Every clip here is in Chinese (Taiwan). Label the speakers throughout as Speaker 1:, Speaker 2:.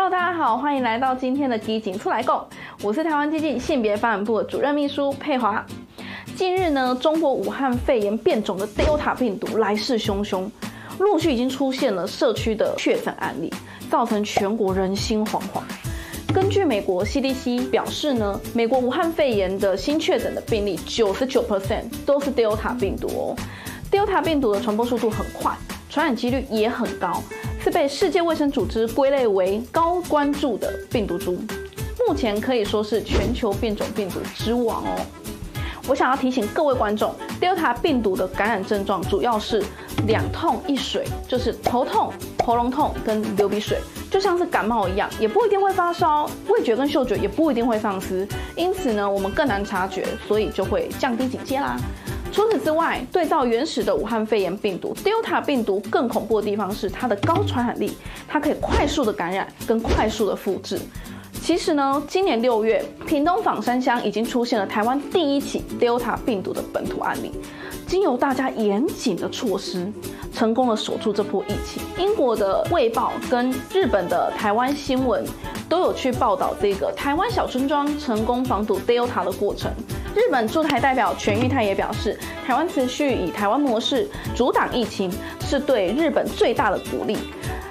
Speaker 1: Hello，大家好，歡迎來到今天的《基進出來講》，我是台灣基進性別發展部的主任秘書佩樺。近日呢，中國武漢肺炎變種的 Delta 病毒來勢洶洶，陸續已經出現了社區的確診案例，造成全國人心惶惶。根據美國 CDC 表示呢，美國武漢肺炎的新確診的病例九十九 percent 都是 Delta 病毒哦。Delta 病毒的傳播速度很快，傳染幾率也很高。被世界衛生組織歸類為高關注的病毒株，目前可以說是全球變種病毒之王哦。我想要提醒各位觀眾，Delta 病毒的感染症狀主要是兩痛一水，就是頭痛、喉嚨痛跟流鼻水，就像是感冒一樣，也不一定會發燒，味覺跟嗅覺也不一定會喪失，因此呢，我們更難察覺，所以就會降低警戒啦。除此之外，對照原始的武漢肺炎病毒 Delta 病毒更恐怖的地方是它的高傳染力，它可以快速的感染，跟快速的複制。其實呢，今年六月，屏東枋山鄉已經出現了台灣第一起 Delta 病毒的本土案例，經由大家嚴謹的措施，成功的守住這波疫情。英國的衛報跟日本的台灣新聞都有去報道這個台灣小村莊成功防堵 Delta 的過程。日本駐台代表泉裕泰也表示，台灣持續以台灣模式阻擋疫情，是對日本最大的鼓勵。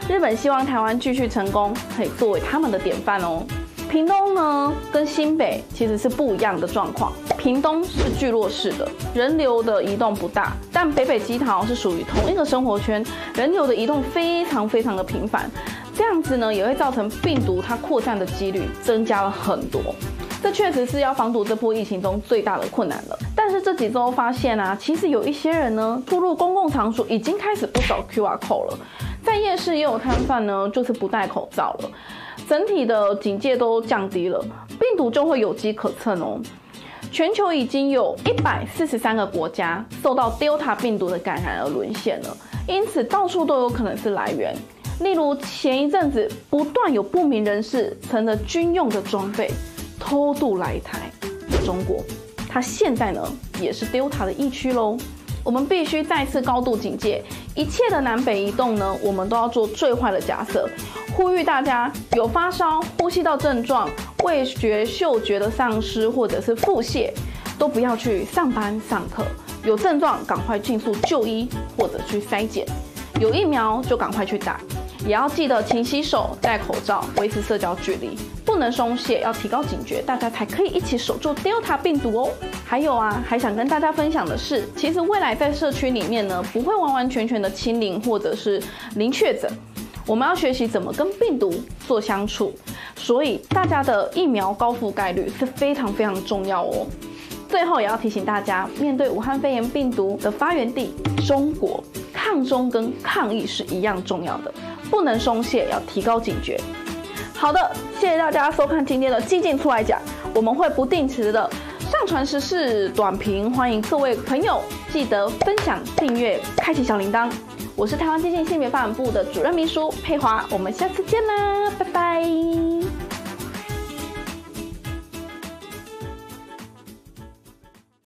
Speaker 1: 日本希望台灣繼續成功，可以作為他們的典範哦。屏東呢，跟新北其實是不一樣的狀況。屏東是聚落式的人流的移動不大，但北北基桃是屬於同一個生活圈，人流的移動非常非常的頻繁，這樣子呢，也會造成病毒它擴散的幾率增加了很多。這確實是要防堵這波疫情中最大的困難了。但是這幾周發現啊，其實有一些人呢，出入公共場所已經開始不掃 QR code 了，在夜市也有攤販呢，就是不戴口罩了，整體的警戒都降低了，病毒就會有機可乘哦。全球已經有一百四十三個國家受到 Delta 病毒的感染而淪陷了，因此到處都有可能是來源。例如前一陣子不斷有不明人士乘著軍用的裝備。偷渡來台，中國，它現在呢也是 Delta 的疫區嘍。我們必須再次高度警戒，一切的南北移動呢，我們都要做最壞的假設。呼籲大家有發燒、呼吸道症狀、味覺嗅覺的喪失或者是腹瀉，都不要去上班上課。有症狀趕快儘速就醫或者去篩檢，有疫苗就趕快去打。也要記得勤洗手、戴口罩、維持社交距離。不能鬆懈，要提高警覺，大家才可以一起守住 Delta 病毒哦。還有啊，還想跟大家分享的是，其實未來在社區裡面呢，不會完完全全的清零或者是零確診，我們要學習怎麼跟病毒做相處。所以大家的疫苗高覆蓋率是非常非常重要哦。最後也要提醒大家，面對武漢肺炎病毒的發源地中國，抗中跟抗疫是一樣重要的，不能鬆懈，要提高警覺。好的，謝謝大家收看今天的《基進出來講》，我們會不定時的上傳時事短評，歡迎各位朋友記得分享、訂閱、開啟小鈴鐺。我是台灣基進性別發展部的主任秘書佩樺，我們下次見啦，拜拜。